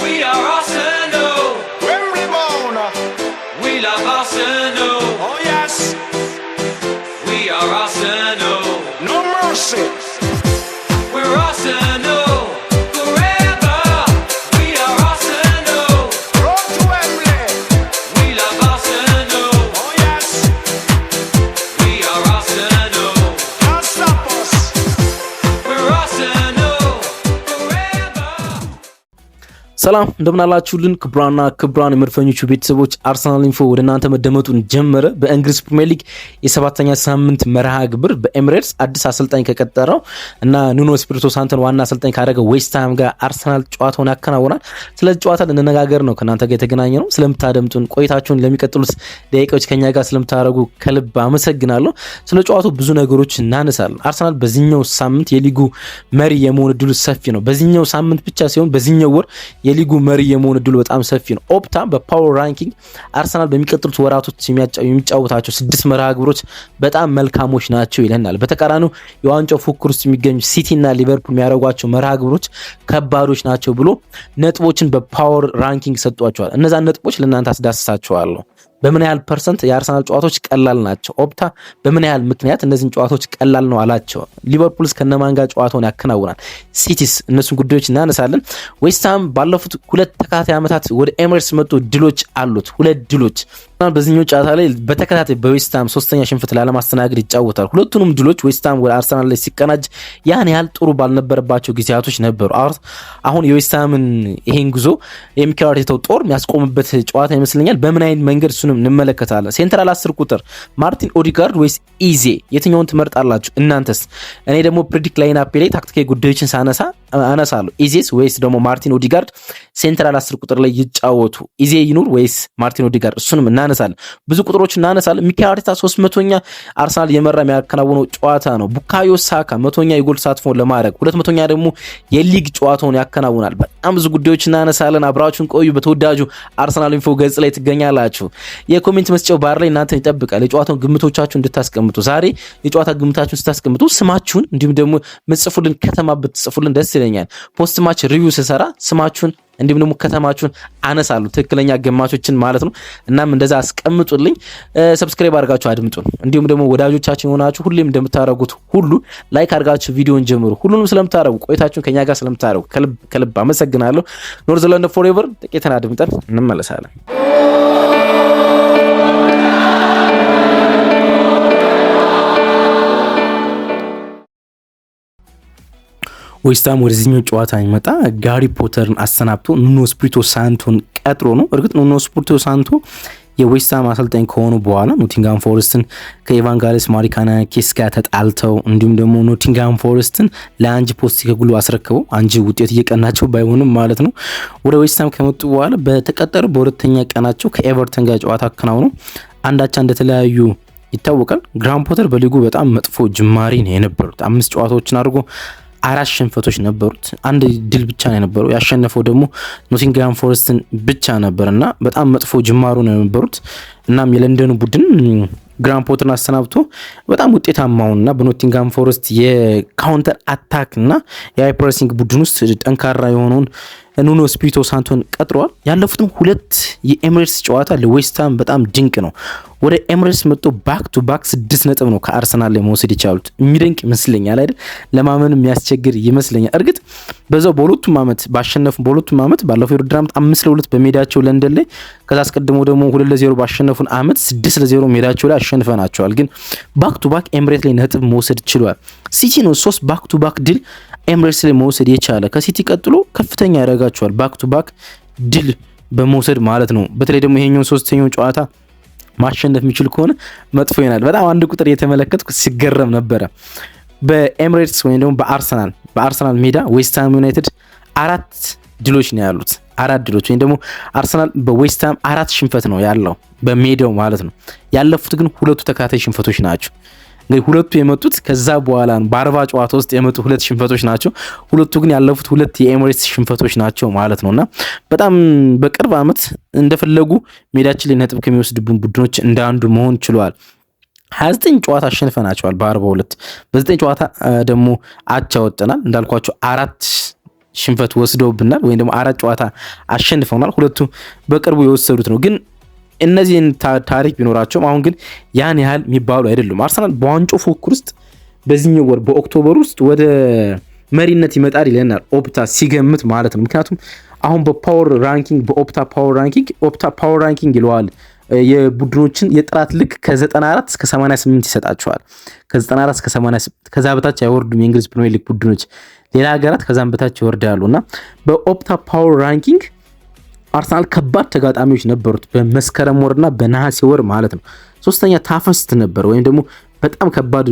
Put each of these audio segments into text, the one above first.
We are. ሰላም እንደምናላችሁልን ክቡራና ክቡራን የመድፈኞቹ ቤተሰቦች አርሰናል ኢንፎ ወደ እናንተ መደመጡን ጀመረ። በእንግሊዝ ፕሪምየር ሊግ የሰባተኛ ሳምንት መርሃ ግብር በኤምሬትስ አዲስ አሰልጣኝ ከቀጠረው እና ኑኖ ስፒሪቶ ሳንተን ዋና አሰልጣኝ ካደረገ ዌስትሃም ጋር አርሰናል ጨዋታውን ያከናውናል። ስለ ጨዋታ ልንነጋገር ነው ከእናንተ ጋር የተገናኘ ነው። ስለምታደምጡን ቆይታችሁን ለሚቀጥሉት ደቂቃዎች ከኛ ጋር ስለምታደረጉ ከልብ አመሰግናለሁ። ስለ ጨዋቱ ብዙ ነገሮች እናነሳለን። አርሰናል በዚኛው ሳምንት የሊጉ መሪ የመሆን እድሉ ሰፊ ነው። በዚኛው ሳምንት ብቻ ሲሆን በዚኛው ወር የሊጉ መሪ የመሆን እድሉ በጣም ሰፊ ነው። ኦፕታ በፓወር ራንኪንግ አርሰናል በሚቀጥሉት ወራቶች የሚጫወታቸው ስድስት መርሃ ግብሮች በጣም መልካሞች ናቸው ይለናል። በተቃራኒው የዋንጫው ፉክክር ውስጥ የሚገኙ ሲቲና ሊቨርፑል የሚያደርጓቸው መርሃ ግብሮች ከባዶች ናቸው ብሎ ነጥቦችን በፓወር ራንኪንግ ሰጧቸዋል። እነዛን ነጥቦች ለእናንተ አስዳስሳቸዋለሁ። በምን ያህል ፐርሰንት የአርሰናል ጨዋታዎች ቀላል ናቸው? ኦፕታ በምን ያህል ምክንያት እነዚህን ጨዋታዎች ቀላል ነው አላቸው? ሊቨርፑልስ ከነማን ጋር ጨዋታውን ያከናውናል? ሲቲስ እነሱን ጉዳዮች እናነሳለን። ዌስትሃም ባለፉት ሁለት ተካታይ ዓመታት ወደ ኤምሬትስ መጡ ድሎች አሉት ሁለት ድሎች በዚህኛው ጨዋታ ላይ በተከታታይ በዌስትሃም ሶስተኛ ሽንፈት ላለማስተናገድ ይጫወታል። ሁለቱንም ድሎች ዌስትሃም ወደ አርሰናል ላይ ሲቀናጅ ያን ያህል ጥሩ ባልነበረባቸው ጊዜያቶች ነበሩ። አሁን የዌስትሃምን ይሄን ጉዞ የሚኬል አርቴታው ጦር የሚያስቆምበት ጨዋታ ይመስለኛል። በምን አይነት መንገድ እሱንም እንመለከታለን። ሴንትራል አስር ቁጥር ማርቲን ኦዲጋርድ ወይስ ኢዜ የትኛውን ትመርጣላችሁ እናንተስ? እኔ ደግሞ ፕሪዲክት ላይን አፔ ላይ ታክቲካዊ ጉዳዮችን ሳነሳ አነሳለሁ። ኢዜስ ወይስ ደግሞ ማርቲን ኦዲጋርድ ሴንትራል አስር ቁጥር ላይ ይጫወቱ ኢዜ ይኑር ወይስ ማርቲን ኦዲጋርድ? እሱንም እናነሳለን። ብዙ ቁጥሮች እናነሳለን። ሚኬል አርቴታ ሶስት መቶኛ አርሰናል የመራ የሚያከናውነው ጨዋታ ነው። ቡካዮ ሳካ መቶኛ የጎል ተሳትፎ ለማድረግ ሁለት መቶኛ ደግሞ የሊግ ጨዋታውን ያከናውናል። በጣም ብዙ ጉዳዮች እናነሳለን። አብራችሁን ቆዩ። በተወዳጁ አርሰናል ኢንፎ ገጽ ላይ ትገኛላችሁ። የኮሜንት መስጫው ባር ላይ እናንተን ይጠብቃል። የጨዋታውን ግምቶቻችሁ እንድታስቀምጡ ዛሬ የጨዋታ ግምታችሁን ስታስቀምጡ ስማችሁን እንዲሁም ደግሞ ምጽፉልን ከተማ ብትጽፉልን ደስ ይለኛል። ፖስት ማች ሪቪው ስሰራ ስማችሁን እንዲሁም ደግሞ ከተማችሁን አነሳሉ። ትክክለኛ ገማቾችን ማለት ነው። እናም እንደዛ አስቀምጡልኝ። ሰብስክራይብ አድርጋችሁ አድምጡን። እንዲሁም ደግሞ ወዳጆቻችን የሆናችሁ ሁሌም እንደምታደርጉት ሁሉ ላይክ አድርጋችሁ ቪዲዮን ጀምሩ። ሁሉንም ስለምታደረጉ ቆይታችሁን ከኛ ጋር ስለምታደረጉ ከልብ ከልብ አመሰግናለሁ። ኖርዝ ለንደን ፎሬቨር ጥቂትን አድምጠን እንመለሳለን። ዌስትሃም ወደዚህኛው ጨዋታ የሚመጣ ጋሪ ፖተርን አሰናብቶ ኑኖ ስፕሪቶ ሳንቶን ቀጥሮ ነው። እርግጥ ኑኖ ስፕሪቶ ሳንቶ የዌስትሃም አሰልጣኝ ከሆኑ በኋላ ኖቲንጋም ፎረስትን ከኢቫንጋሊስ ኬስ ጋር ተጣልተው እንዲሁም ደግሞ ኖቲንጋም ፎረስትን ለአንጅ ፖስት ፖስተኮግሉ አስረክበው አንጅ ውጤት እየቀናቸው ባይሆንም ማለት ነው ወደ ዌስትሃም ከመጡ በኋላ በተቀጠሩ በሁለተኛ ቀናቸው ከኤቨርተን ጋር ጨዋታ አከናውነው አንዳቻ እንደተለያዩ ይታወቃል። ግራም ፖተር በሊጉ በጣም መጥፎ ጅማሪ ነው የነበሩት። አምስት ጨዋታዎችን አድርጎ አራት ሽንፈቶች ነበሩት። አንድ ድል ብቻ ነው የነበረው። ያሸነፈው ደግሞ ኖቲንግሃም ፎረስትን ብቻ ነበር እና በጣም መጥፎ ጅማሩ ነው የነበሩት። እናም የለንደኑ ቡድን ግራን ፖትን አሰናብቶ በጣም ውጤታማውንና በኖቲንግሃም ፎረስት የካውንተር አታክ እና የሃይ ቡድን ውስጥ ጠንካራ የሆነውን ኑኖ ስፒሪቶ ሳንቶን ቀጥሯል። ያለፉትም ሁለት የኤምሬትስ ጨዋታ ለዌስትሃም በጣም ድንቅ ነው። ወደ ኤምሬትስ መጥቶ ባክ ቱ ባክ ስድስት ነጥብ ነው ከአርሰናል ላይ መውሰድ የቻሉት። የሚደንቅ ይመስለኛል አይደል? ለማመን የሚያስቸግር ይመስለኛል። እርግጥ በዛው በሁለቱም ዓመት ባሸነፉ በሁለቱም ዓመት ባለፈው የውድድር ዓመት አምስት ለሁለት በሜዳቸው ለንደን ላይ ከዛ አስቀድሞ ደግሞ ሁለት ለዜሮ ባሸነፉን ዓመት ስድስት ለዜሮ ሜዳቸው ላይ አሸንፈናቸዋል። ግን ባክ ቱ ባክ ኤምሬት ላይ ነጥብ መውሰድ ችሏል። ሲቲ ነው ሶስት ባክ ቱ ባክ ድል ኤምሬትስ ላይ መውሰድ የቻለ ከሲቲ ቀጥሎ ከፍተኛ ያደርጋቸዋል ባክ ቱ ባክ ድል በመውሰድ ማለት ነው። በተለይ ደግሞ ይሄኛውን ሶስተኛው ጨዋታ ማሸነፍ የሚችል ከሆነ መጥፎ ይሆናል። በጣም አንድ ቁጥር እየተመለከትኩ ሲገረም ነበረ። በኤምሬትስ ወይም ደግሞ በአርሰናል በአርሰናል ሜዳ ዌስትሃም ዩናይትድ አራት ድሎች ነው ያሉት አራት ድሎች ወይም ደግሞ አርሰናል በዌስትሃም አራት ሽንፈት ነው ያለው በሜዳው ማለት ነው። ያለፉት ግን ሁለቱ ተከታታይ ሽንፈቶች ናቸው። እንግዲህ ሁለቱ የመጡት ከዛ በኋላ ነው። በአርባ ጨዋታ ውስጥ የመጡ ሁለት ሽንፈቶች ናቸው። ሁለቱ ግን ያለፉት ሁለት የኤምሬትስ ሽንፈቶች ናቸው ማለት ነው እና በጣም በቅርብ ዓመት እንደፈለጉ ሜዳችን ላይ ነጥብ ከሚወስድብን ቡድኖች እንደ አንዱ መሆን ችሏል 29 ጨዋታ አሸንፈናቸዋል በ42 በ ጨዋታ ደግሞ አቻ ወጥተናል። እንዳልኳቸው አራት ሽንፈት ወስደውብናል ወይም ደግሞ አራት ጨዋታ አሸንፈውናል። ሁለቱ በቅርቡ የወሰዱት ነው ግን እነዚህን ታሪክ ቢኖራቸውም አሁን ግን ያን ያህል የሚባሉ አይደሉም። አርሰናል በዋንጮ ፉክክር ውስጥ በዚህኛው ወር በኦክቶበር ውስጥ ወደ መሪነት ይመጣል ይለናል ኦፕታ ሲገምት ማለት ነው። ምክንያቱም አሁን በፓወር ራንኪንግ በኦፕታ ፓወር ራንኪንግ ኦፕታ ፓወር ራንኪንግ ይለዋል የቡድኖችን የጥራት ልክ ከ94 እስከ 88 ይሰጣቸዋል። ከ94 እስከ 88 ከዛ በታች አይወርዱም የእንግሊዝ ፕሪሚየር ሊግ ቡድኖች። ሌላ ሀገራት ከዛም በታች ይወርዳሉ እና በኦፕታ ፓወር ራንኪንግ አርሰናል ከባድ ተጋጣሚዎች ነበሩት በመስከረም ወርና በነሐሴ ወር ማለት ነው። ሶስተኛ ታፈስት ነበር ወይም ደግሞ በጣም ከባድ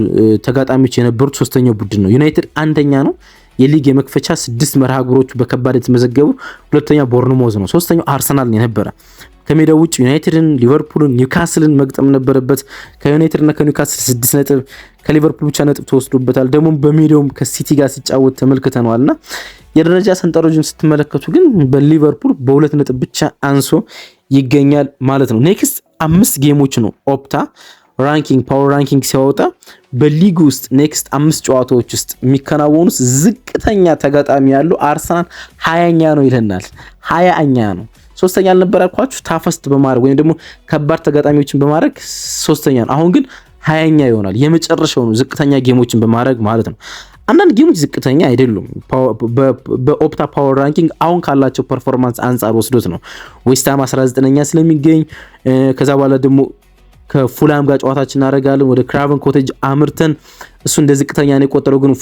ተጋጣሚዎች የነበሩት ሶስተኛው ቡድን ነው። ዩናይትድ አንደኛ ነው። የሊግ የመክፈቻ ስድስት መርሃ በከባድ የተመዘገቡ፣ ሁለተኛ ቦርንሞዝ ነው። ሶስተኛው አርሰናል የነበረ ከሜዳው ውጭ ዩናይትድን፣ ሊቨርፑልን፣ ኒውካስልን መግጠም ነበረበት። ከዩናይትድና ከኒውካስል ስድስት ነጥብ ከሊቨርፑል ብቻ ነጥብ ተወስዶበታል። ደግሞ በሜዳውም ከሲቲ ጋር ሲጫወት ተመልክተነዋልና የደረጃ ሰንጠረዥን ስትመለከቱ ግን በሊቨርፑል በሁለት ነጥብ ብቻ አንሶ ይገኛል ማለት ነው። ኔክስት አምስት ጌሞች ነው ኦፕታ ራንኪንግ ፓወር ራንኪንግ ሲያወጣ በሊግ ውስጥ ኔክስት አምስት ጨዋታዎች ውስጥ የሚከናወኑት ዝቅተኛ ተጋጣሚ ያለው አርሰናል ሀያኛ ነው ይለናል። ሀያኛ ነው ሶስተኛ አልነበረ ያልኳችሁ ታፈስት በማድረግ ወይም ደግሞ ከባድ ተጋጣሚዎችን በማድረግ ሶስተኛ ነው። አሁን ግን ሀያኛ ይሆናል። የመጨረሻው ነው ዝቅተኛ ጌሞችን በማድረግ ማለት ነው። አንዳንድ ጌሞች ዝቅተኛ አይደሉም። በኦፕታ ፓወር ራንኪንግ አሁን ካላቸው ፐርፎርማንስ አንጻር ወስዶት ነው ዌስትሃም 19ኛ ስለሚገኝ ከዛ በኋላ ደግሞ ከፉላም ጋር ጨዋታችን እናደርጋለን። ወደ ክራቨን ኮቴጅ አምርተን እሱ እንደ ዝቅተኛ ነው የቆጠረው። ግን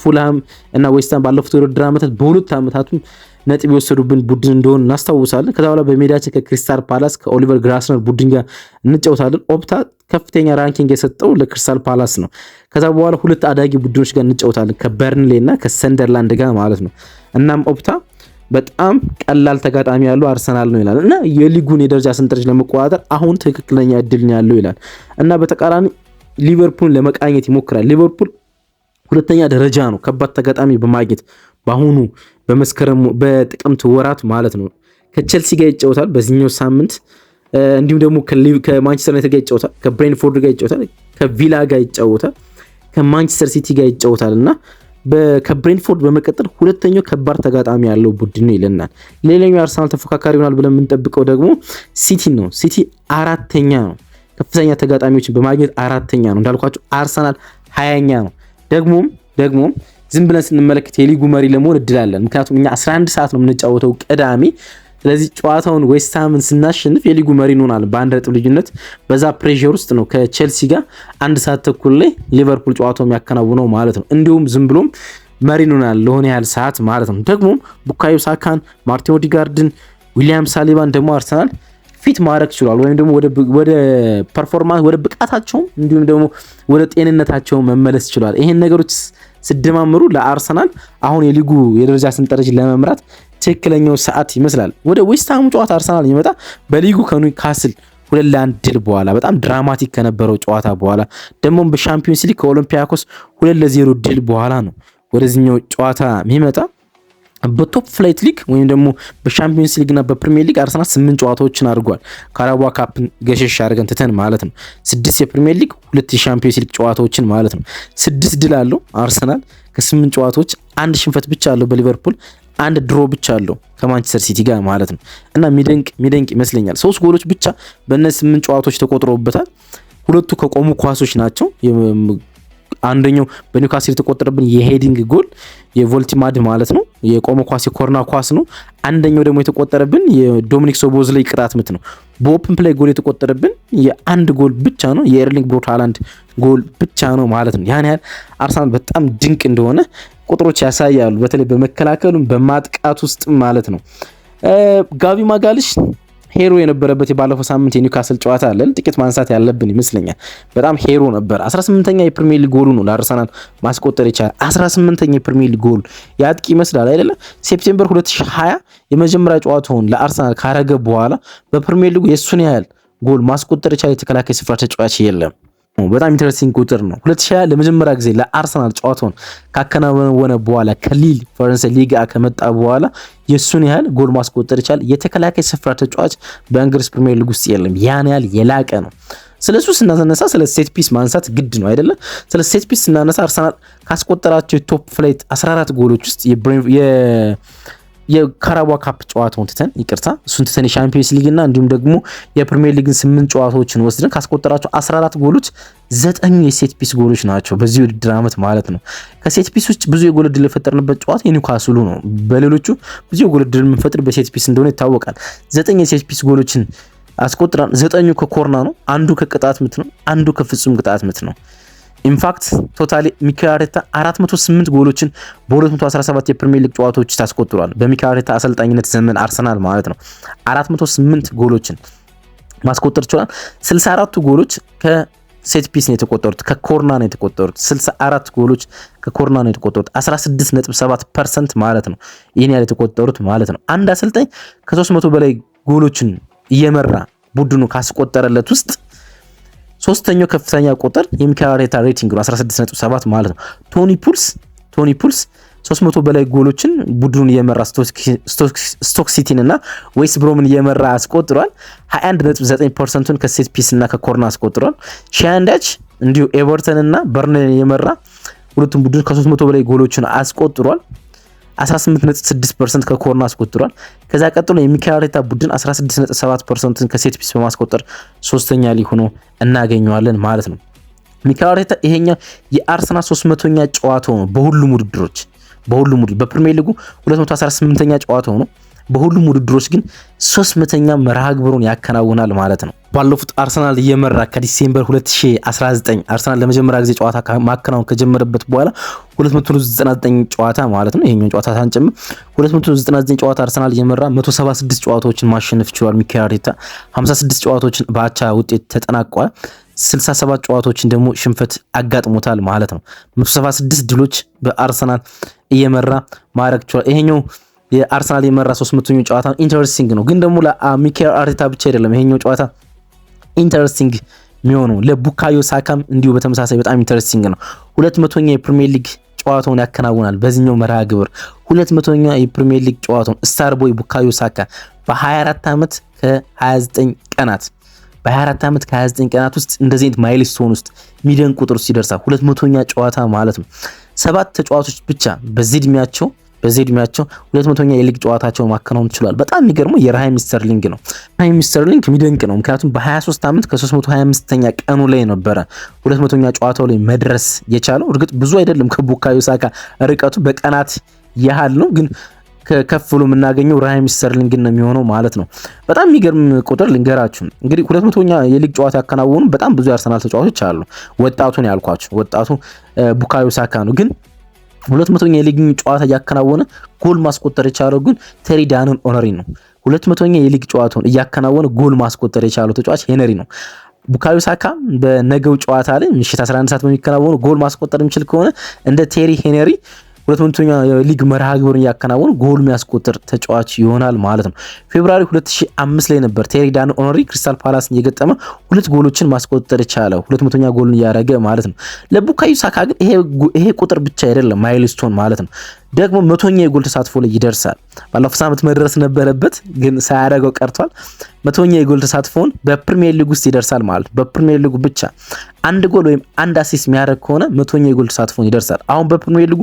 ፉላም እና ዌስትሃም ባለፉት የውድድር ዓመታት በሁለት ዓመታቱም ነጥብ የወሰዱብን ቡድን እንደሆን እናስታውሳለን። ከዛ በኋላ በሜዳችን ከክሪስታል ፓላስ ከኦሊቨር ግራስነር ቡድን ጋር እንጫወታለን። ኦፕታ ከፍተኛ ራንኪንግ የሰጠው ለክሪስታል ፓላስ ነው። ከዛ በኋላ ሁለት አዳጊ ቡድኖች ጋር እንጫወታለን ከበርንሌ እና ከሰንደርላንድ ጋር ማለት ነው። እናም ኦፕታ በጣም ቀላል ተጋጣሚ ያለው አርሰናል ነው ይላል እና የሊጉን የደረጃ ስንጥረጅ ለመቆጣጠር አሁን ትክክለኛ እድል ነው ያለው ይላል እና በተቃራኒ ሊቨርፑልን ለመቃኘት ይሞክራል። ሊቨርፑል ሁለተኛ ደረጃ ነው ከባድ ተጋጣሚ በማግኘት በአሁኑ በመስከረም በጥቅምት ወራት ማለት ነው ከቸልሲ ጋር ይጫወታል በዚህኛው ሳምንት እንዲሁም ደግሞ ከማንቸስተር ዩናይትድ ጋር ይጫወታል፣ ከብሬንፎርድ ጋር ይጫወታል፣ ከቪላ ጋር ይጫወታል፣ ከማንቸስተር ሲቲ ጋር ይጫወታል እና ከብሬንፎርድ በመቀጠል ሁለተኛው ከባድ ተጋጣሚ ያለው ቡድን ነው ይለናል። ሌላኛው የአርሰናል ተፎካካሪ ይሆናል ብለን የምንጠብቀው ደግሞ ሲቲ ነው። ሲቲ አራተኛ ነው፣ ከፍተኛ ተጋጣሚዎችን በማግኘት አራተኛ ነው። እንዳልኳቸው አርሰናል ሀያኛ ነው። ደግሞም ደግሞም ዝም ብለን ስንመለከት የሊጉ መሪ ለመሆን እድላለን። ምክንያቱም እኛ 11 ሰዓት ነው የምንጫወተው ቅዳሜ ስለዚህ ጨዋታውን ዌስትሃምን ስናሸንፍ የሊጉ መሪ እንሆናለን በአንድ ነጥብ ልዩነት። በዛ ፕሬር ውስጥ ነው ከቼልሲ ጋር አንድ ሰዓት ተኩል ላይ ሊቨርፑል ጨዋታው የሚያከናውነው ማለት ነው። እንዲሁም ዝም ብሎም መሪ እንሆናለን ለሆነ ያህል ሰዓት ማለት ነው። ደግሞ ቡካዮ ሳካን፣ ማርቲን ኦዲጋርድን፣ ዊሊያም ሳሊባን ደግሞ አርሰናል ፊት ማድረግ ችሏል። ወይም ደግሞ ወደ ፐርፎርማንስ ወደ ብቃታቸውም እንዲሁም ደግሞ ወደ ጤንነታቸው መመለስ ችሏል። ይሄን ነገሮች ስደማምሩ ለአርሰናል አሁን የሊጉ የደረጃ ሰንጠረዥ ለመምራት ትክክለኛው ሰዓት ይመስላል። ወደ ዌስትሃሙ ጨዋታ አርሰናል ይመጣ በሊጉ ከኒውካስል ሁለት ለአንድ ድል በኋላ በጣም ድራማቲክ ከነበረው ጨዋታ በኋላ ደግሞም በሻምፒዮንስ ሊግ ከኦሎምፒያኮስ ሁለት ለዜሮ ድል በኋላ ነው ወደዚኛው ጨዋታ የሚመጣ። በቶፕ ፍላይት ሊግ ወይም ደግሞ በሻምፒዮንስ ሊግና በፕሪሚየር ሊግ አርሰናል ስምንት ጨዋታዎችን አድርጓል። ካራባ ካፕን ገሸሽ አድርገን ትተን ማለት ነው። ስድስት የፕሪሚየር ሊግ፣ ሁለት የሻምፒዮንስ ሊግ ጨዋታዎችን ማለት ነው። ስድስት ድል አለው አርሰናል ከስምንት ጨዋታዎች አንድ ሽንፈት ብቻ አለው በሊቨርፑል አንድ ድሮ ብቻ አለው ከማንቸስተር ሲቲ ጋር ማለት ነው። እና ሚደንቅ ሚደንቅ ይመስለኛል። ሶስት ጎሎች ብቻ በእነዚህ ስምንት ጨዋታዎች ተቆጥሮበታል። ሁለቱ ከቆሙ ኳሶች ናቸው። አንደኛው በኒውካስል የተቆጠረብን የሄዲንግ ጎል የቮልቲማድ ማለት ነው። የቆመ ኳስ የኮርና ኳስ ነው። አንደኛው ደግሞ የተቆጠረብን የዶሚኒክ ሶቦዝ ላይ ቅጣት ምት ነው። በኦፕን ፕላይ ጎል የተቆጠረብን የአንድ ጎል ብቻ ነው የኤርሊንግ ብሮት ሃላንድ ጎል ብቻ ነው ማለት ነው። ያን ያህል አርሰናል በጣም ድንቅ እንደሆነ ቁጥሮች ያሳያሉ። በተለይ በመከላከሉም በማጥቃት ውስጥ ማለት ነው። ጋቢ ማጋልሽ ሄሮ የነበረበት የባለፈው ሳምንት የኒውካስል ጨዋታ አለን ጥቂት ማንሳት ያለብን ይመስለኛል። በጣም ሄሮ ነበር። 18ኛ የፕሪሚየር ሊግ ጎሉ ነው ለአርሰናል ማስቆጠር ይቻላል 18ኛ የፕሪሚየር ሊግ ጎል የአጥቂ ይመስላል አይደለም። ሴፕቴምበር 2020 የመጀመሪያ ጨዋታውን ለአርሰናል ካረገ በኋላ በፕሪሚየር ሊጉ የእሱን ያህል ጎል ማስቆጠር የቻለ የተከላካይ ስፍራ ተጫዋች የለም። በጣም ኢንተረስቲንግ ቁጥር ነው። 2020 ለመጀመሪያ ጊዜ ለአርሰናል ጨዋታውን ካከናወነ በኋላ ከሊል ፈረንሳይ ሊጋ ከመጣ በኋላ የሱን ያህል ጎል ማስቆጠር ይቻል የተከላካይ ስፍራ ተጫዋች በእንግሊዝ ፕሪሚየር ሊግ ውስጥ የለም። ያን ያህል የላቀ ነው። ስለ እሱ ስናነሳ ስለ ሴት ፒስ ማንሳት ግድ ነው አይደለም። ስለ ሴት ፒስ ስናነሳ አርሰናል ካስቆጠራቸው የቶፕ ፍላይት 14 ጎሎች ውስጥ የካራባ ካፕ ጨዋታውን ትተን ይቅርታ፣ እሱን ትተን የሻምፒዮንስ ሊግና እንዲሁም ደግሞ የፕሪሚየር ሊግን ስምንት ጨዋታዎችን ወስደን ካስቆጠራቸው 14 ጎሎች ዘጠኙ የሴት ፒስ ጎሎች ናቸው፣ በዚህ ውድድር ዓመት ማለት ነው። ከሴት ፒስ ውጭ ብዙ የጎል ድል የፈጠርንበት ጨዋታ የኒውካስሉ ነው። በሌሎቹ ብዙ የጎል ድል የምንፈጥር በሴት ፒስ እንደሆነ ይታወቃል። ዘጠኝ የሴት ፒስ ጎሎችን አስቆጥራን፣ ዘጠኙ ከኮርና ነው፣ አንዱ ከቅጣት ምት ነው፣ አንዱ ከፍጹም ቅጣት ምት ነው። ኢንፋክት ቶታሊ ሚኬል አርቴታ 408 ጎሎችን በ217 የፕሪሚየር ሊግ ጨዋታዎች ታስቆጥሯል። በሚኬል አርቴታ አሰልጣኝነት ዘመን አርሰናል ማለት ነው 408 ጎሎችን ማስቆጠር ችሏል። 64ቱ ጎሎች ሴት ፒስ ነው የተቆጠሩት፣ ከኮርና ነው የተቆጠሩት። 64 ጎሎች ከኮርና ነው የተቆጠሩት፣ 16.7 ማለት ነው። ይህን ያህል የተቆጠሩት ማለት ነው። አንድ አሰልጣኝ ከ300 በላይ ጎሎችን እየመራ ቡድኑ ካስቆጠረለት ውስጥ ሶስተኛው ከፍተኛ ቁጥር የሚካኤል አርቴታ ሬቲንግ ነው 16.7 ማለት ነው። ቶኒ ፑልስ ቶኒ ፑልስ 300 በላይ ጎሎችን ቡድኑን የመራ ስቶክ ሲቲን እና ዌስት ብሮምን የመራ አስቆጥሯል። 21.9 ፐርሰንቱን ከሴት ፒስ እና ከኮርና አስቆጥሯል። ሻንዳች እንዲሁ ኤቨርተን እና በርንን የመራ ሁለቱም ቡድን ከ300 በላይ ጎሎችን አስቆጥሯል። 18.6 ፐርሰንት ከኮርና አስቆጥሯል። ከዛ ቀጥሎ የሚካኤል አርቴታ ቡድን 16.7 ፐርሰንትን ከሴት ፒስ በማስቆጠር ሶስተኛ ሊሆኖ እናገኘዋለን ማለት ነው። ሚካኤል አርቴታ ይሄኛው የአርሰናል 300ኛ ጨዋታው ነው በሁሉም ውድድሮች በሁሉም ውድድር በፕሪሚየር ሊጉ 218ኛ ጨዋታው ነው። በሁሉም ውድድሮች ግን ሶስት መተኛ መርሃ ግብሩን ያከናውናል ማለት ነው። ባለፉት አርሰናል እየመራ ከዲሴምበር 2019 አርሰናል ለመጀመሪያ ጊዜ ጨዋታ ማከናወን ከጀመረበት በኋላ 299 ጨዋታ ማለት ነው። ይሄኛው ጨዋታ ሳንጨምር 299 ጨዋታ አርሰናል እየመራ 176 ጨዋታዎችን ማሸነፍ ችሏል። ሚካኤል አርቴታ 56 ጨዋታዎችን በአቻ ውጤት ተጠናቋል። 67 ጨዋታዎችን ደግሞ ሽንፈት አጋጥሞታል ማለት ነው። 176 ድሎች በአርሰናል እየመራ ማድረግ ችሏል። ይሄኛው የአርሰናል የመራ ሶስት መቶኛው ጨዋታ ኢንተረስቲንግ ነው። ግን ደግሞ ለሚካኤል አርቴታ ብቻ አይደለም ይሄኛው ጨዋታ ኢንተረስቲንግ የሚሆነው ለቡካዮ ሳካም እንዲሁ በተመሳሳይ በጣም ኢንተረስቲንግ ነው። ሁለት መቶኛ የፕሪሚየር ሊግ ጨዋታውን ያከናውናል በዚህኛው መርሃ ግብር ሁለት መቶኛ የፕሪሚየር ሊግ ጨዋታውን ስታር ቦይ ቡካዮ ሳካ በ24 ዓመት ከ29 ቀናት በ24 ዓመት ከ29 ቀናት ውስጥ እንደዚህ አይነት ማይልስቶን ውስጥ ሚደንቅ ቁጥር ውስጥ ይደርሳል። ሁለት መቶኛ ጨዋታ ማለት ነው። ሰባት ተጫዋቾች ብቻ በዚህ እድሜያቸው በዚህ እድሜያቸው ሁለት መቶኛ የሊግ ጨዋታቸውን ማከናወን ችሏል። በጣም የሚገርመው የራሂም ስተርሊንግ ነው። ራሂም ስተርሊንግ የሚደንቅ ነው። ምክንያቱም በ23 ዓመት ከ325ኛ ቀኑ ላይ ነበረ ሁለት መቶኛ ጨዋታው ላይ መድረስ የቻለው። እርግጥ ብዙ አይደለም ከቡካዮ ሳካ ርቀቱ በቀናት ያህል ነው ግን ከፍ ብሎ የምናገኘው ራሂም ስተርሊንግን ነው የሚሆነው ማለት ነው። በጣም የሚገርም ቁጥር ልንገራችሁ እንግዲህ ሁለት መቶኛ የሊግ ጨዋታ ያከናወኑ በጣም ብዙ የአርሰናል ተጫዋቾች አሉ። ወጣቱን ነው ያልኳችሁ፣ ወጣቱ ቡካዮ ሳካ ነው ግን ሁለት መቶኛ የሊግ ጨዋታ እያከናወነ ጎል ማስቆጠር የቻለው ግን ቴሪ ዳንን ኦነሪ ነው። ሁለት መቶኛ የሊግ ጨዋታውን እያከናወነ ጎል ማስቆጠር የቻለው ተጫዋች ሄነሪ ነው። ቡካዮ ሳካ በነገው ጨዋታ ላይ ምሽት 11 ሰዓት በሚከናወኑ ጎል ማስቆጠር የሚችል ከሆነ እንደ ቴሪ ሄነሪ ሁለት መቶኛ ሊግ መርሃ ግብርን እያከናወኑ ጎል የሚያስቆጥር ተጫዋች ይሆናል ማለት ነው። ፌብራሪ 2005 ላይ ነበር ቴሪ ዳን ኦነሪ ክሪስታል ፓላስን እየገጠመ ሁለት ጎሎችን ማስቆጠር ቻለ ሁለት መቶኛ ጎልን እያደረገ ማለት ነው። ለቡካዩ ሳካ ግን ይሄ ቁጥር ብቻ አይደለም ማይልስቶን ማለት ነው። ደግሞ መቶኛ የጎል ተሳትፎ ላይ ይደርሳል። ባለፈው ሳምንት መድረስ ነበረበት ግን ሳያደርገው ቀርቷል። መቶኛ የጎል ተሳትፎውን በፕሪሚየር ሊግ ውስጥ ይደርሳል ማለት በፕሪሚየር ሊጉ ብቻ አንድ ጎል ወይም አንድ አሲስት የሚያደርግ ከሆነ መቶኛ የጎል ተሳትፎውን ይደርሳል። አሁን በፕሪሚየር ሊጉ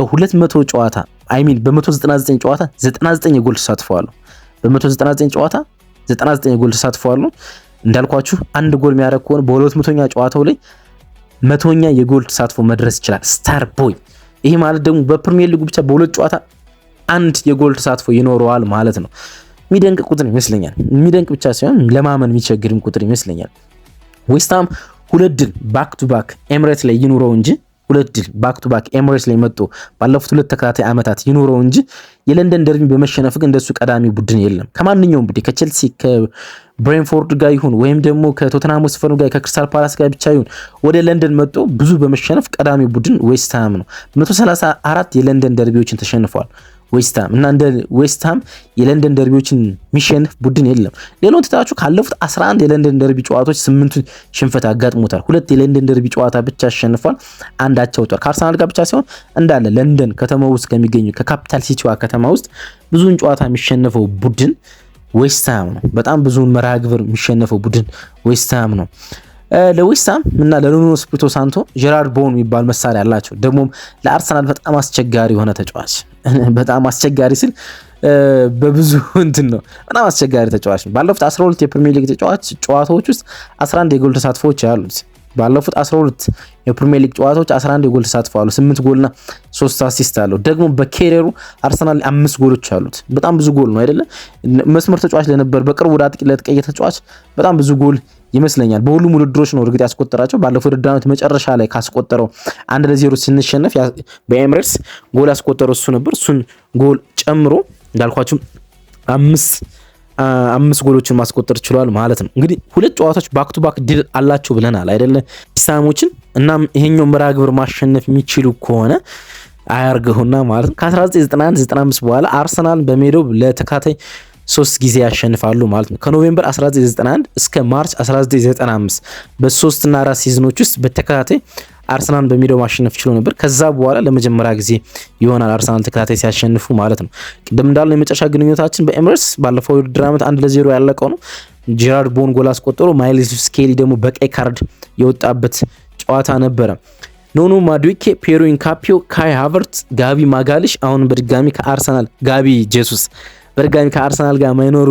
በ200 ጨዋታ አይሚን በ199 ጨዋታ 99 የጎል ተሳትፈዋል በ በ199 ጨዋታ 99 የጎል ተሳትፎ አለው። እንዳልኳችሁ አንድ ጎል የሚያደርግ ከሆነ በ200ኛ ጨዋታው ላይ መቶኛ የጎል ተሳትፎ መድረስ ይችላል። ስታር ቦይ። ይሄ ማለት ደግሞ በፕሪሚየር ሊጉ ብቻ በሁለት ጨዋታ አንድ የጎል ተሳትፎ ይኖረዋል ማለት ነው። የሚደንቅ ቁጥር ይመስለኛል። የሚደንቅ ብቻ ሳይሆን ለማመን የሚቸግርም ቁጥር ይመስለኛል። ዌስትሃም ሁለት ድል ባክ ቱ ባክ ኤምሬት ላይ ይኑረው እንጂ ሁለት ድል ባክ ቱ ባክ ኤምሬትስ ላይ መጥቶ ባለፉት ሁለት ተከታታይ ዓመታት ይኑረው እንጂ የለንደን ደርቢ በመሸነፍ ግን እንደሱ ቀዳሚ ቡድን የለም። ከማንኛውም ቡድን ከቼልሲ ከብሬንፎርድ ጋር ይሁን ወይም ደግሞ ከቶተናሞ ስፈኑ ጋር ከክሪስታል ፓላስ ጋር ብቻ ይሁን ወደ ለንደን መጥቶ ብዙ በመሸነፍ ቀዳሚ ቡድን ዌስትሃም ነው። 134 የለንደን ደርቢዎችን ተሸንፏል። ዌስትሃም እና እንደ ዌስትሃም የለንደን ደርቢዎችን የሚሸንፍ ቡድን የለም። ሌላውን ትታችሁ ካለፉት 11 የለንደን ደርቢ ጨዋታዎች ስምንቱ ሽንፈት አጋጥሞታል። ሁለት የለንደን ደርቢ ጨዋታ ብቻ አሸንፏል፣ አንድ አቻ ወጥቷል። ከአርሰናል ጋር ብቻ ሲሆን እንዳለ ለንደን ከተማ ውስጥ ከሚገኙ ከካፒታል ሲቲዋ ከተማ ውስጥ ብዙውን ጨዋታ የሚሸነፈው ቡድን ዌስትሃም ነው። በጣም ብዙውን መርሃ ግብር የሚሸነፈው ቡድን ዌስትሃም ነው። ለዌስታም እና ለኑኖ ስፕሪቶ ሳንቶ ጀራርድ ቦን የሚባል መሳሪያ አላቸው። ደግሞም ለአርሰናል በጣም አስቸጋሪ የሆነ ተጫዋች በጣም አስቸጋሪ ስል በብዙ እንትን ነው። በጣም አስቸጋሪ ተጫዋች ነው። ባለፉት 12 የፕሪሚየር ሊግ ተጫዋች ጨዋታዎች ውስጥ 11 የጎል ተሳትፎዎች ያሉት ባለፉት 12 የፕሪሚየር ሊግ ጨዋታዎች 11 የጎል ተሳትፎ አሉ። 8 ጎልና 3 አሲስት አለው። ደግሞ በኬሪየሩ አርሰናል አምስት ጎሎች አሉት። በጣም ብዙ ጎል ነው አይደለ? መስመር ተጫዋች ለነበር በቅርብ ወደ አጥቂ ለተቀየረ ተጫዋች በጣም ብዙ ጎል ይመስለኛል። በሁሉም ውድድሮች ነው እርግጥ ያስቆጠራቸው። ባለፈው ውድድር ዓመት መጨረሻ ላይ ካስቆጠረው አንድ ለዜሮ ስንሸነፍ በኤምሬትስ ጎል ያስቆጠረው እሱ ነበር። እሱን ጎል ጨምሮ እንዳልኳችሁም አምስት አምስት ጎሎችን ማስቆጠር ችሏል ማለት ነው። እንግዲህ ሁለት ጨዋታዎች ባክ ቱ ባክ ድል አላቸው ብለናል አይደለ ሳሞችን። እናም ይሄኛው መርሃ ግብር ማሸነፍ የሚችሉ ከሆነ አያርገውና ማለት ነው ከ1991 95 በኋላ አርሰናል በሜዳው ለተከታታይ ሶስት ጊዜ ያሸንፋሉ ማለት ነው። ከኖቬምበር 1991 እስከ ማርች 1995 በሶስትና አራት ሲዝኖች ውስጥ በተከታታይ አርሰናል በሚለው ማሸነፍ ችሎ ነበር። ከዛ በኋላ ለመጀመሪያ ጊዜ ይሆናል አርሰናል ተከታታይ ሲያሸንፉ ማለት ነው። ቅድም እንዳለው የመጨረሻ ግንኙነታችን በኤምሬትስ ባለፈው ውድድር ዓመት አንድ ለዜሮ ያለቀው ነው። ጄራርድ ቦን ጎል አስቆጥሮ ማይልስ ስኬሊ ደግሞ በቀይ ካርድ የወጣበት ጨዋታ ነበረ። ኖኖ ማዱኬ፣ ፔሮ ኢንካፒዮ፣ ካይ ሃቨርት፣ ጋቢ ማጋልሽ አሁን በድጋሚ ከአርሰናል ጋቢ ጄሱስ በድጋሚ ከአርሰናል ጋር ማይኖሩ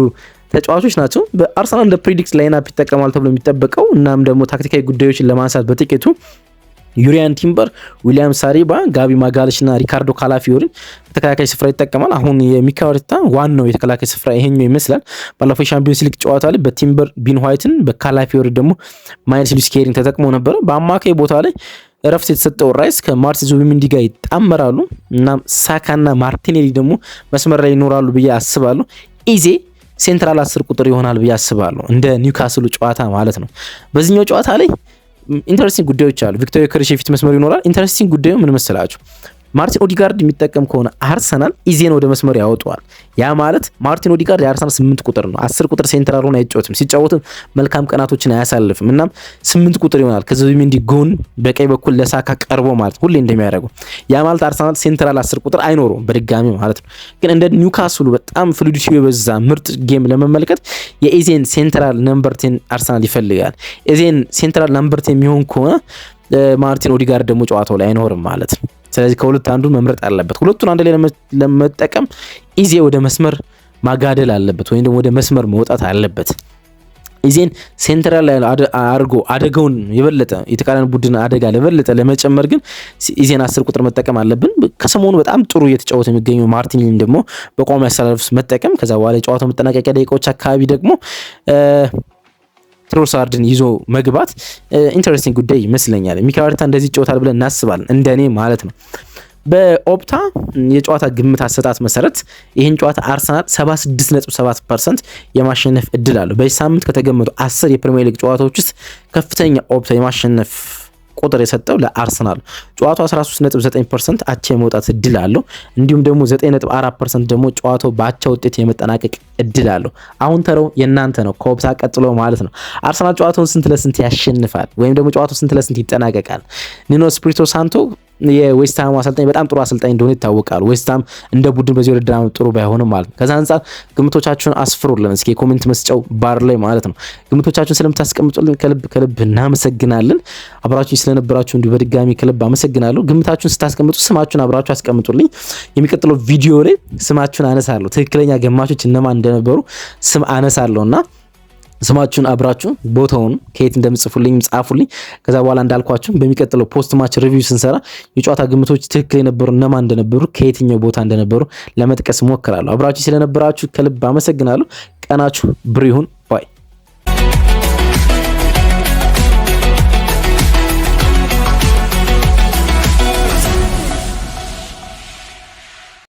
ተጫዋቾች ናቸው። በአርሰናል እንደ ፕሪዲክት ላይናፕ ይጠቀማል ተብሎ የሚጠበቀው እናም ደግሞ ታክቲካዊ ጉዳዮችን ለማንሳት በጥቂቱ ዩሪያን ቲምበር፣ ዊሊያም ሳሪባ፣ ጋቢ ማጋለሽ እና ሪካርዶ ካላፊዮሪ በተከላካይ ስፍራ ይጠቀማል። አሁን የሚካኤል አርቴታ ዋናው የተከላካይ ስፍራ ይሄኛው ይመስላል። ባለፈው የሻምፒዮንስ ሊግ ጨዋታ ላይ በቲምበር ቢን ዋይትን፣ በካላፊዮሪ ደግሞ ማይልስ ሉዊስ ስኬሪን ተጠቅሞ ነበረ። በአማካይ ቦታ ላይ እረፍት የተሰጠው ራይስ ከማርቲን ዙቢሜንዲ ጋር ይጣመራሉ። እናም ሳካና ማርቲኔሊ ደግሞ መስመር ላይ ይኖራሉ ብዬ አስባሉ። ኢዜ ሴንትራል አስር ቁጥር ይሆናል ብዬ አስባሉ። እንደ ኒውካስሉ ጨዋታ ማለት ነው። በዚህኛው ጨዋታ ላይ ኢንተረስቲንግ ጉዳዮች አሉ። ቪክቶሪ ክርሽ የፊት መስመር ይኖራል። ኢንተረስቲንግ ጉዳዩ ምን መሰላችሁ? ማርቲን ኦዲጋርድ የሚጠቀም ከሆነ አርሰናል ኢዜን ወደ መስመር ያወጠዋል። ያ ማለት ማርቲን ኦዲጋርድ የአርሰናል ስምንት ቁጥር ነው። አስር ቁጥር ሴንትራል ሆኖ አይጫወትም። ሲጫወትም መልካም ቀናቶችን አያሳልፍም። እናም ስምንት ቁጥር ይሆናል። ከዙቢሜንዲ ጎን በቀኝ በኩል ለሳካ ቀርቦ ማለት ሁሌ እንደሚያደርገው ያ ማለት አርሰናል ሴንትራል አስር ቁጥር አይኖረውም በድጋሚ ማለት ነው። ግን እንደ ኒውካስሉ በጣም ፍሉዲቲ የበዛ ምርጥ ጌም ለመመልከት የኢዜን ሴንትራል ነምበርቴን አርሰናል ይፈልጋል። ኢዜን ሴንትራል ነምበርቴን የሚሆን ከሆነ ማርቲን ኦዲጋርድ ደግሞ ጨዋታው ላይ አይኖርም ማለት ነው። ስለዚህ ከሁለት አንዱን መምረጥ አለበት። ሁለቱን አንድ ላይ ለመጠቀም ኢዜ ወደ መስመር ማጋደል አለበት፣ ወይም ደግሞ ወደ መስመር መውጣት አለበት። ኢዜን ሴንትራል ላይ አድርጎ አደጋውን የበለጠ የተቃራኒ ቡድን አደጋ ለበለጠ ለመጨመር ግን ኢዜን አስር ቁጥር መጠቀም አለብን። ከሰሞኑ በጣም ጥሩ እየተጫወተ የሚገኘው ማርቲኒን ደግሞ በቋሚ አሰላለፍ መጠቀም ከዛ በኋላ የጨዋታው መጠናቀቂያ ደቂቃዎች አካባቢ ደግሞ ትሮሳርድን ይዞ መግባት ኢንተረስቲንግ ጉዳይ ይመስለኛል። ሚኬል አርቴታ እንደዚህ ይጫወታል ብለን እናስባለን፣ እንደኔ ማለት ነው። በኦፕታ የጨዋታ ግምት አሰጣት መሰረት ይህን ጨዋታ አርሰናል 76.7 የማሸነፍ እድል አለው። በዚህ ሳምንት ከተገመቱ 10 የፕሪሚየር ሊግ ጨዋታዎች ውስጥ ከፍተኛ ኦፕታ የማሸነፍ ቁጥር የሰጠው ለአርሰናል። ጨዋታው 13.9 አቻ የመውጣት እድል አለው። እንዲሁም ደግሞ 9.4 ደግሞ ጨዋታው በአቻ ውጤት የመጠናቀቅ እድል አለው። አሁን ተረው የእናንተ ነው፣ ከወብሳ ቀጥሎ ማለት ነው። አርሰናል ጨዋታውን ስንት ለስንት ያሸንፋል? ወይም ደግሞ ጨዋታው ስንት ለስንት ይጠናቀቃል? ኒኖ ስፕሪቶ ሳንቶ የዌስትሃም አሰልጣኝ በጣም ጥሩ አሰልጣኝ እንደሆነ ይታወቃል። ዌስትሃም እንደ ቡድን በዚህ ውድድር ዓመት ጥሩ ባይሆንም ማለት ነው። ከዛ አንጻር ግምቶቻችሁን አስፍሩልን እስኪ የኮሜንት መስጫው ባር ላይ ማለት ነው። ግምቶቻችሁን ስለምታስቀምጡልን ከልብ ከልብ እናመሰግናለን። አብራችሁኝ ስለነበራችሁ እንዲሁ በድጋሚ ከልብ አመሰግናለሁ። ግምታችሁን ስታስቀምጡ ስማችሁን አብራችሁ አስቀምጡልኝ። የሚቀጥለው ቪዲዮ ላይ ስማችሁን አነሳለሁ። ትክክለኛ ገማቾች እነማን እንደነበሩ ስም አነሳለሁ እና ስማችሁን አብራችሁ ቦታውን ከየት እንደምጽፉልኝ ጻፉልኝ። ከዛ በኋላ እንዳልኳችሁ በሚቀጥለው ፖስት ማች ሪቪው ስንሰራ የጨዋታ ግምቶች ትክክል የነበሩ እነማን እንደነበሩ ከየትኛው ቦታ እንደነበሩ ለመጥቀስ ሞክራለሁ። አብራችሁ ስለነበራችሁ ከልብ አመሰግናለሁ። ቀናችሁ ብሩህ ይሁን።